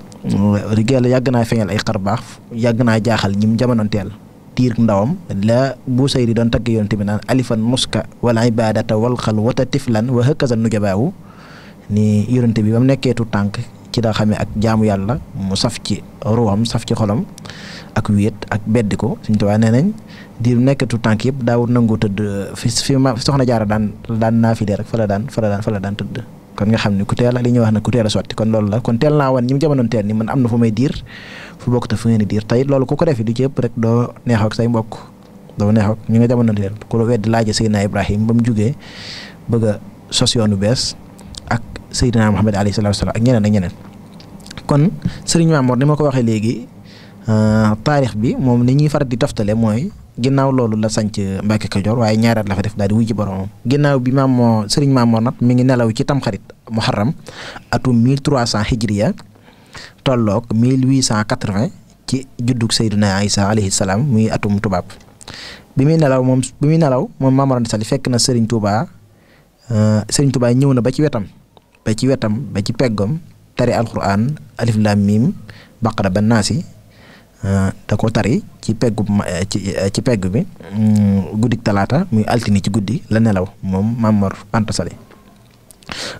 Speaker 1: dëgg yàgg naa feeñal ay xar baax yàgg naa jaaxal ñim jamonoonteel tiir ndawam la bu sayri doon tagg yoon tamit naan alifan muska wala ibadata wal xalwata tiflan wa hëkkasa nujabaawu ni yonente bi ba mu tànk ci daa xamee ak jaamu yàlla mu saf ci ruwam saf ci xolam ak wéet ak beddi ko suñ tubaab nee nañ diir nekkatu tànk yëpp daawul nangu tëdd fi fi ma soxna jaara daan daan naafile rek fa la daan fa daan fa la daan tëdd kon nga xam ne ku teel a li ñuy wax ne ku teel sotti kon loolu la kon teel naa wan ñi mu jamonoon teel ni man am na fu may diir fu bokk te fu ngeen diir tey loolu ku ko defee du ci ëpp rek doo neexoog say mbokk doo neexoog ñu nga jamonoon teel ku la wedd laaja Seydina Ibrahima ba mu jugee bëgg a sos bees ak Seydina Muhammad alayhi salaatu wa salaam ak ñeneen ak ñeneen kon sëriñ Maamoor ni ma ko waxee léegi euh, taarix bi moom ni ñuy faral di toftale mooy ginnaaw loolu la sanc Mbàkke Kajoor waaye ñaareel la fa def daal di wuy ci boromam ginnaaw bi maam moo sëriñ Maamoor nag mi ngi nelaw ci tamxarit muharram atum 1300 hijriya tolloog 1880 ci juddug Seydina Isa alayhi salaam muy atum tubaab bi muy nelaw moom bi muy nelaw moom Maam Mor fekk na sëriñ Touba euh, sëriñ Touba ñëw na ba ci wetam ba ci wetam ba ci peggam tari alquran alif lam mim baqara ba naasi ah, da ko tari ci peggu ci ci pegg bi mm, guddik talaata muy altini ci guddi la nelaw moom Mamor Anta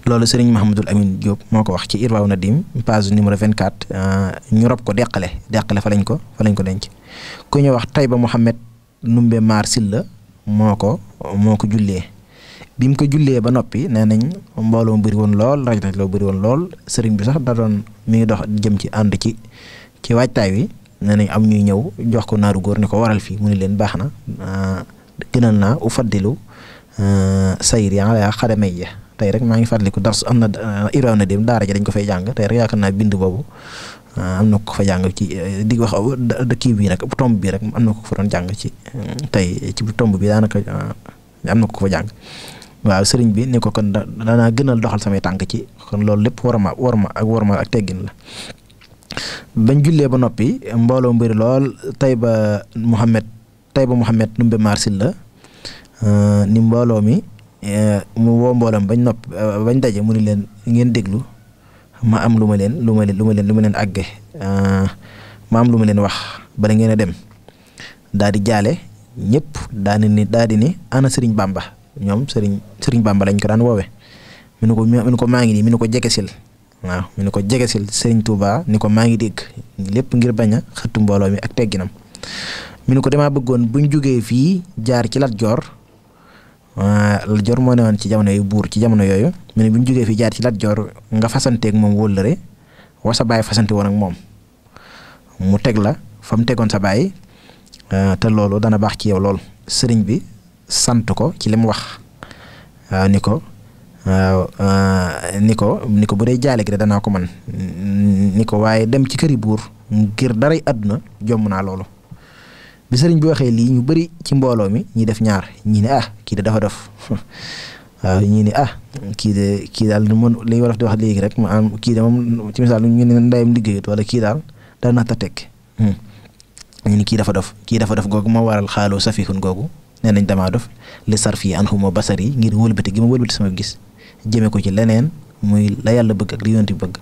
Speaker 1: loolu sëriñ Mahamadul Amin Diop moo ko wax ci Irwaaw Nadim page numéro 24 ah, ñu rob ko deqale deqale fa lañ ko fa lañ ko denc ku ñu wax Tayba Mohamed Numbe Maar Silla moo ko moo ko jullee bi mu ko jullee ba noppi nee nañ mbooloo mu woon lool raj raj loo bëri woon lool sëriñ bi sax da doon mi ngi dox jëm ci ànd ci ci waajtaay wi nee nañ am ñuy ñëw jox ko naaru góor ne ko waral fii mu ni leen baax na ah, gënal naa u faddilu ah, sayir yaa xadamay ya tey rek maa ngi fàttaliku dars am na ah, iraw na dem daara ji dañ ko fay jàng tey rek yaakaar naa bind boobu am na ko fa jàng ci eh, di wax kii bii rek tomb bii rek am na ko fa doon jàng ci eh, tey ci tomb bi daanaka am na ko fa jàng waaw sëriñ bi ni ko kon danaa gënal doxal samay tànk ci kon loolu lépp war ma war ma ak war ma ak teggin la bañ jullee ba noppi mbooloo mbir lool Tayba Mouhamed Tayba Mouhamed Numbe Marsil la euh, ni mbooloo mi euh, mu woo mbooloom bañ nopp euh, bañ daje mu ni leen ngeen déglu ma am lu ma leen lu ma leen lu ma leen lu ma leen àgge ma am lu ma leen wax bala ngeen a dem daal di jaale ñëpp daal di ni daal ni ana sëriñ Bamba ñoom sëriñ sëriñ Bamba lañ ko daan woowe mu ne ko mu ne ko maa ngi nii mu ni ko jegesil waaw mu ne ko jegesil sëriñ Touba ni ko maa ngi dégg lépp ngir bañ a xëttu mbooloo mi ak tegginam mu ni ko damaa bëggoon buñ jógee fii jaar ci Lat Joor Lat Joor moo ne woon ci jamono yu buur ci jamono yooyu mu ne buñ jógee fii jaar ci Lat Joor nga fasanteeg moom wóllëre wa sa baay fasante woon ak moom mu teg la fa mu tegoon sa baay te loolu dana baax ci yow lool sëriñ bi. sant ko ci li mu wax waaw euh, ni ko waaw euh, ni ko ni ko bu dee jaale gi danaa ko man ni ko waaye dem ci këri buur ngir daray àdduna jomm naa loolu bi sëriñ bi waxee lii ñu bari ci mbooloo mi ñi def ñaar ñu ne ah kii de dafa dof waaw ñii ne ah kii de kii daal mën li wolof di wax léegi rek mu am kii de moom ci misaal ñu ne ndeyam liggéeyut wala kii daal daan naa ta tekk hmm. ñu ni kii dafa dof kii dafa dof googu ma waral xaaloo safihun googu nee nañ damaa dof li sarfi anhuma basari ngir wëlbati gi ma wëlbati sama gis jëme ko ci leneen muy la yàlla bëgg ak li yonti bëgg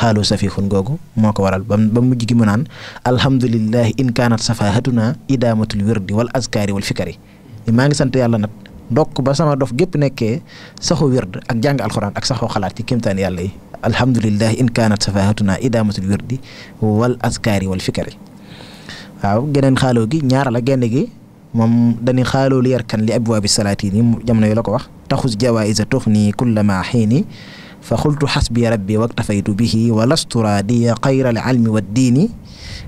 Speaker 1: xaalu safifun googu moo ko waral ba ba mujj gi mu naan alhamdulillahi in kaanat safahatuna idaamatul wirdi wal azkaari wal fikari maa ngi sant yàlla nag ndokk ba sama dof gépp nekkee saxu wird ak jàng alxuraan ak saxoo xalaat ci kéemtaan yàlla yi alhamdulilah in kaanat safahatuna idaamatul wirdi wal azkaari wal fikari waaw geneen xaaloo gi ñaar la genn gi moom dañuy xaaloo li yarkan li abwaabi salaatiin yi jamono yi la ko wax taxus jawaïsa tuxni kullama xiini fa xultu xasbi rabbi waktafaytu bihi wa lastu raadiya xayra alcalmi waddiini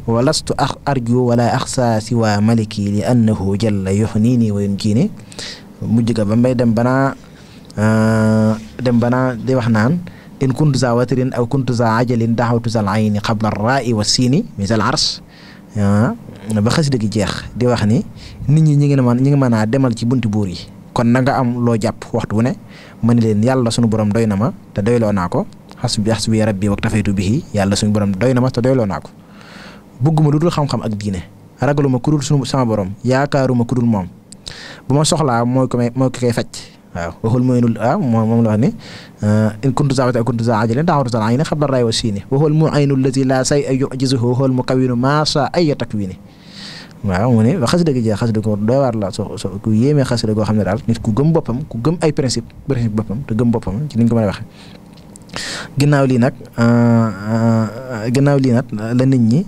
Speaker 1: wa lastu a arju wala axsa siwa maliki li annahu jalla yuxniini wa yunjiini mujj ga ba mbay dem banaa ah, dem banaa di wax naan in kuntu za watirin aw kuntu za ajalin daxawtu zal ayni qabla arraa'i wa siini misal ars ah, ba xasida gi jeex di wax ni nit ñi ñi ngi mën ñi ngi mën a demal ci bunt buur yi kon na nga am loo jàpp waxtu wu ne ma ni leen yàlla suñu borom doy na ma te doyloo naa ko xas bi xas bi rabbi wa tafaytu bihi yàlla suñu borom doy na ma te doyloo naa ko bëgguma lu dul xam-xam ak diine ragaluma ku dul sunu sama boroom yaakaaruma ku dul moom bu ma soxlaa mooy ko may mooy ko koy faj waaw waxul muinul ah moom la wax ni ah, in kuntu zaawati ak kuntu zaa ajalin daawatu zal ayni xabla raay wa siini waxul mu aynu lazi laa say ay yujizuhu waxul mu kawinu maasa ay takwini waaw mu ne ba ko xam ne daal nit ku gëm boppam ku gëm ay principe principe boppam te gëm boppam ci ni ñu ko mën ginnaaw lii nag ah, ah, ginnaaw lii nag la nit ñi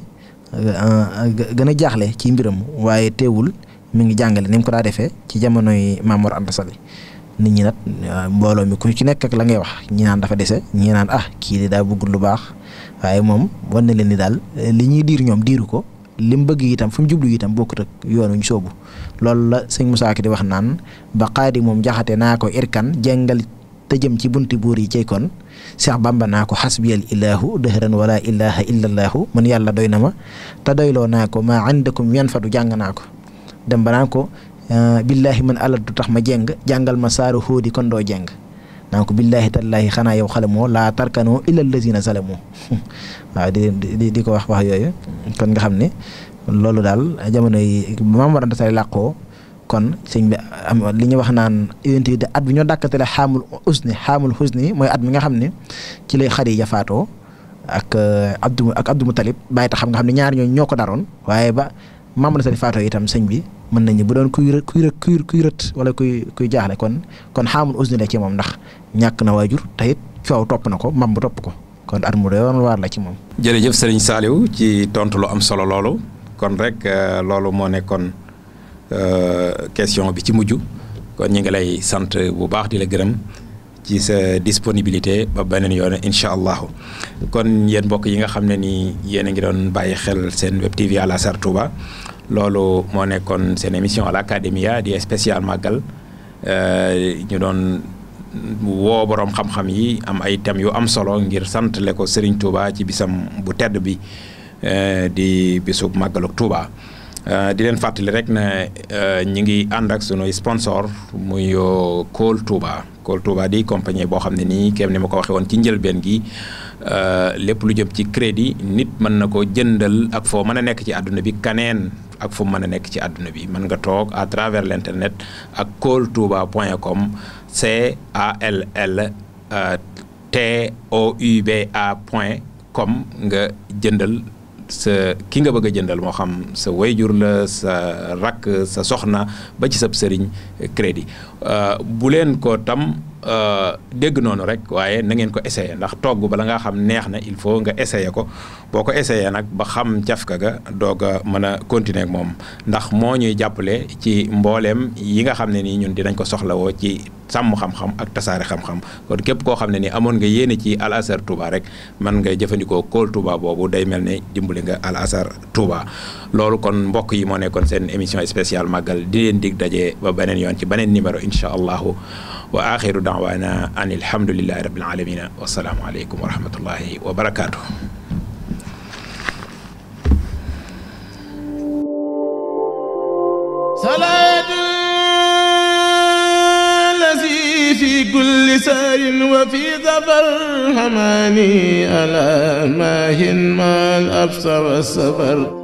Speaker 1: gën a jaaxle ci mbiram waaye teewul mu ngi jàngale ni ko daa defee ci jamonoy Maam Mor Anta nit ñi nag euh, mbooloo mi ku ci nekk ak la ngay wax ñi naan dafa dese ñi naan ah kii di daa bëggul lu baax waaye moom wan na leen ni daal euh, li ñuy diir ñoom diiru ko li mu bëgg itam fu mu jublu itam bokkut ak yoonu ñu soobu loolu la sëñ Moussa Ka di wax naan ba xaadi moom jaxate naa ko irkan jàngal te jëm ci bunt buur yi cay kon Seex Bàmba naa ko xasbiyal ilaahu dëhëran wala ilaha illallahu man yàlla doy na ma te doyloo naa ko maa àndakum yan fadu jàng naa naa ko Ah, billaahi man alal du tax ma jeng jàngal ma saaru xóodi kon doo jeng naa ko billaahi tallaahi xanaa yow xalamoo laa tarkanoo illal lazina zalamoo waaw di di di ko wax wax yooyu kon nga xam ne loolu daal jamono yi maam warante say làqoo kon sëñ bi am lu ñu wax naan identité de at bi ñoo dàkkatale xaamul usni xaamul xusni mooy at bi nga xam ne ci lay xari jafaatoo ak euh, abdu ak abdu mutalib bàyyi ta xam nga xam ne ñaar ñooñu ñoo ko daroon waaye ba maam membre sëñ Fatou itam sëñ bi mën nañu bu doon kuy rë kuy kuy kuy rët wala kuy kuy jaaxle kon kon xaamul usni la ci moom ndax ñàkk na waajur te it coow topp na ko mam bu topp ko kon at mu doon waar la ci moom.
Speaker 2: jërëjëf sëriñ saaliw ci tontu lu am solo loolu kon rek euh, loolu moo nekkoon euh, question bi ci mujj kon ñu ngi lay sant bu baax di la gërëm ci sa disponibilité ba beneen yoon incha allahu kon yéen mbokk yi nga xam ne nii yéen a ngi doon bàyyi xel seen web TV Al Azhar Touba. loolu moo nekkoon seen émission à l'académia di spécial màggal euh, ñu doon woo boroom xam-xam yi am ay thèmes yu am solo ngir santale ko Serigne Touba ci bisam bu tedd bi euh, di bisub màggaluk Touba. Euh, di leen fàttali rek na ñi ngi ànd ak sunuy sponsor muy Kool Touba Kool Touba di compagnie boo xam ne nii kéem ni ma ko waxee woon ci njëlbeen gi lépp lu jëm ci crédit nit mën na ko jëndal ak foo mën a nekk ci àdduna bi kaneen ak fu mën a nekk ci àdduna bi mën nga toog à travers l'internet ak kooltouba point com c a l euh, t o u b nga jëndal sa ki nga bëgg jëndal moo xam sa wayjur la sa rakk sa soxna ba ci sab sëriñ crédit euh, bu leen ko tam Euh, dégg noonu rek waaye na ngeen ko essayer ndax togg bala ngaa xam neex na il faut nga essayer ko boo ko essayer nag ba xam jafka ga doog a mën a continuer moom ndax moo ñuy jàppale ci mbooleem yi nga xam ne nii ñun dinañ ko soxla soxlawoo ci sàmm xam-xam ak tasaare xam-xam kon képp koo xam ne ni amoon nga yéene ci Al Azhar rek man nga jëfandikoo kóol Touba boobu day mel ne dimbali nga Al Azhar Touba loolu kon mbokk yi moo nekkoon seen émission spéciale màggal di leen dig daje ba beneen yoon ci beneen numéro incha allahu wa axiru daawaana an alhamdulilahi rabil alamina wasalaamu aleykum wa rahmatullahi wa barakaatu.
Speaker 1: صلاة الذي في كل سار وفي ظفر هماني ألا ماهن ما الأبصر والسفر